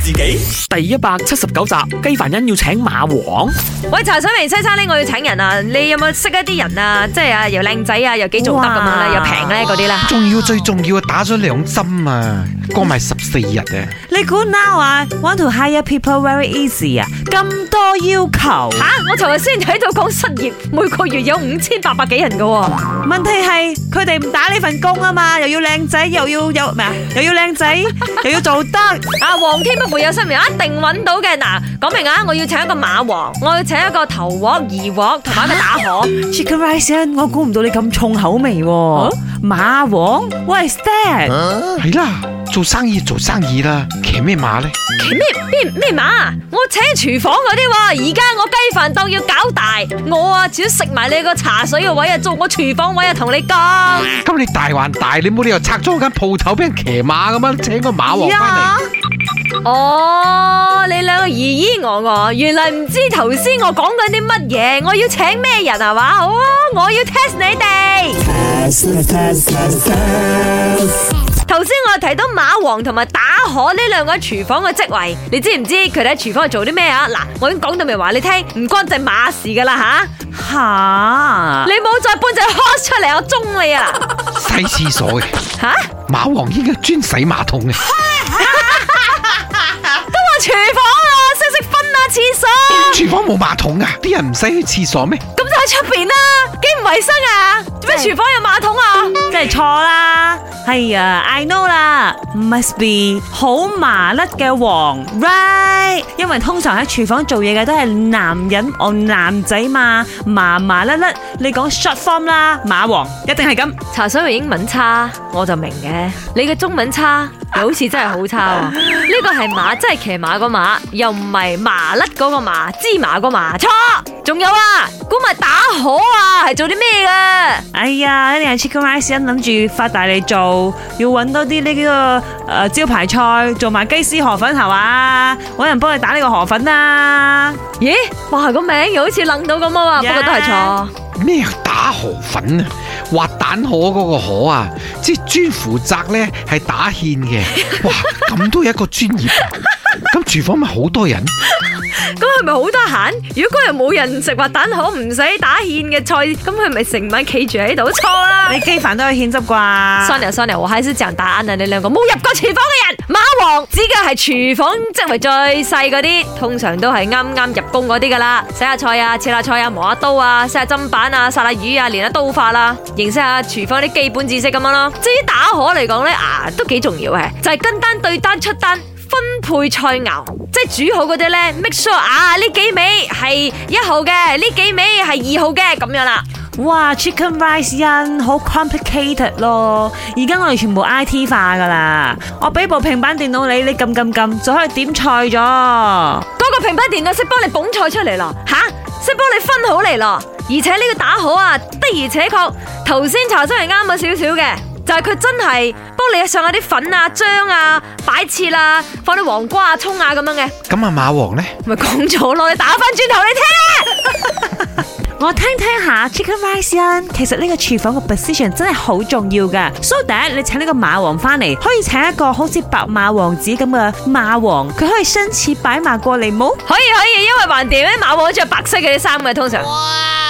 自己第一百七十九集，雞凡欣要請馬王。喂，茶水味西餐呢？我要請人啊！你有冇識一啲人啊？即係啊，又靚仔啊，又幾做得咁樣咧，哇又平咧嗰啲啦。仲要最重要啊，打咗兩針啊，過埋十四日啊。嗯、你估 now？Want 啊 to hire people very easy 啊？咁多要求吓、啊？我尋日先喺度講失業，每個月有五千八百幾人噶。問題係佢哋唔打呢份工啊嘛，又要靚仔，又要有咩啊？又要靚仔，又要做得 皇天不負有心人，一定揾到嘅。嗱、啊，講明啊，我要請一個馬王，我要請一個頭鑊、二鑊同埋一個打荷。Chicken Rice，我估唔到你咁重口味喎。啊、馬王，what is that？係、啊、啦，做生意做生意啦，騎咩馬咧？騎咩？咩咩馬，我請廚房嗰啲喎。而家我雞飯都要搞大，我啊只要食埋你個茶水嘅位啊，做我廚房位啊，同你講。咁你大還大，你冇理由拆咗間鋪頭俾人騎馬噶嘛？請個馬王翻嚟。哦，你兩個咿咿我我，原來唔知頭先我講緊啲乜嘢，我要請咩人係嘛？好啊，我要 test 你哋。test 頭先我提到馬王同埋打荷呢兩個廚房嘅職位，你知唔知佢哋喺廚房做啲咩啊？嗱，我已經講到未話你聽，唔關隻馬事噶啦吓。吓， 你冇再搬隻靴出嚟，我中你啊！洗廁所嘅吓，馬王,王應該專洗馬桶嘅。 廚房冇馬桶啊？啲人唔使去廁所咩？咁就喺出面啦，幾唔衛生啊！做咩廚房有馬桶啊？真係錯啦！ 哎呀，I know 啦，must be 好麻甩嘅王，right？因為通常喺廚房做嘢嘅都係男人或男仔嘛，麻麻甩甩，你講 short form 啦，馬王一定係咁。茶水嘅英文差，我就明嘅。你嘅中文差。好似真係好差啊！呢個係馬，真係騎馬嗰馬，又唔係麻甩嗰個麻，芝麻嗰麻，錯。仲有啊，估埋、啊、打荷啊，係做啲咩噶？哎呀，一定係 Chicken Rice 諗住發大力做，要搵多啲呢個誒、呃、招牌菜，做埋雞絲河粉係嘛？搵人幫你打呢個河粉啊？咦，哇個名又好似諗到咁啊？Yeah. 不過都係錯咩？河粉啊，滑蛋河嗰個河啊，即係專負責咧，係打芡嘅，哇，咁都有一個專業，咁廚 房咪好多人。佢咪好得閒？如果嗰日冇人食滑蛋河唔使打芡嘅菜，咁佢咪成晚企住喺度？錯啦！你機飯都有芡汁啩？山牛山牛，我睇住成打人你兩個冇入過廚房嘅人，馬王指嘅係廚房即係最細嗰啲，通常都係啱啱入工嗰啲噶啦，洗下菜啊，切下菜啊，磨下刀啊，洗下砧板啊，殺下魚啊，練下刀法啦，認識下廚房啲基本知識咁樣咯。至於打荷嚟講咧，啊都幾重要嘅，就係跟單對單出單。分配菜餚，即係煮好嗰啲咧 make sure 啊，呢幾味係一號嘅，呢幾味係二號嘅，咁樣啦。哇，Chicken Rice N 好 complicated 咯，而家我哋全部 I T 化噶啦，我俾部平板電腦你，你撳撳撳就可以點菜咗。嗰個平板電腦識幫你捧菜出嚟咯，吓、啊，識幫你分好嚟咯，而且呢個打好啊，的而且確，頭先查出係啱咗少少嘅。但係佢真係幫你上下啲粉啊、漿啊、擺設啊，放啲黃瓜啊、蔥啊咁樣嘅。咁阿、啊、馬王咧，咪講咗咯，你打翻轉頭你聽。 我聽聽下，chicken rice 啊，其實呢個廚房嘅 position 真係好重要噶。所以第一，你請呢個馬王翻嚟，可以請一個好似白馬王子咁嘅馬王，佢可以身似白馬過嚟冇？可以可以，因為橫掂咧？馬王着白色嘅啲衫嘅通常哇。